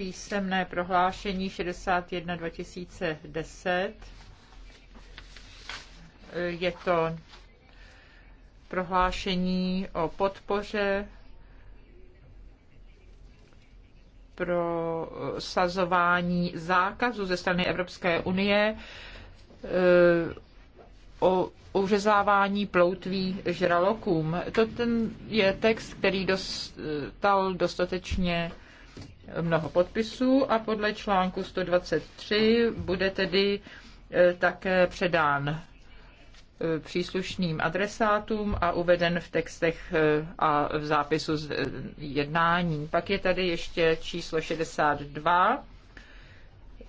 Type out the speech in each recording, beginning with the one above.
písemné prohlášení 61 2010. Je to prohlášení o podpoře pro sazování zákazu ze strany Evropské unie eh, o uřezávání ploutví žralokům. To ten je text, který dostal dostatečně mnoho podpisů a podle článku 123 bude tedy e, také předán e, příslušným adresátům a uveden v textech e, a v zápisu z jednání. Pak je tady ještě číslo 62.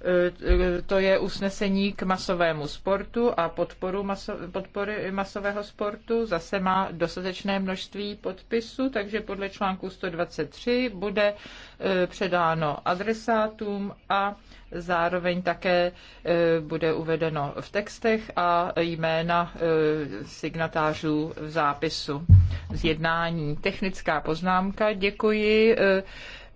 Eh, to je usnesení k masovému sportu a podporu maso, podpory masového sportu. Zase má dostatečné množství podpisů, takže podle článku 123 bude eh, předáno adresátům a zároveň také eh, bude uvedeno v textech a jména signatářů v zápisu z jednání. Technická poznámka. Děkuji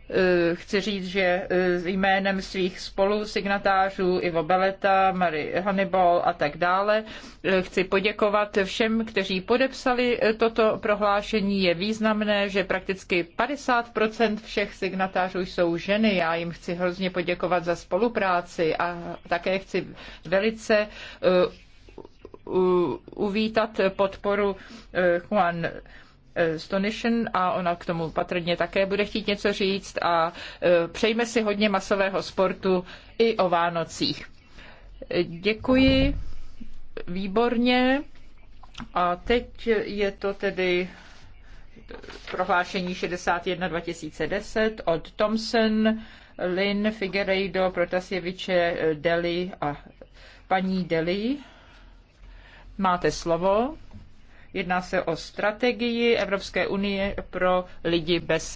Eh, chci říct, že eh, jménem svých spolusignatářů Ivo Beleta, Mary Hannibal a tak dále eh, chci poděkovat všem, kteří podepsali toto prohlášení. Je významné, že prakticky 50% všech signatářů jsou ženy. Já jim chci hrozně poděkovat za spolupráci a také chci velice uvítat podporu Juan Stonischen a ona k tomu patrně také bude chtít něco říct a e, přejme si hodně masového sportu i o Vánocích. Děkuji, výborně. A teď je to tedy prohlášení 61 2010 od Thomson, Lynn, Figueiredo, Protasjeviče, Deli a paní Deli. Máte slovo. Jedná se o strategii Evropské unie pro lidi bez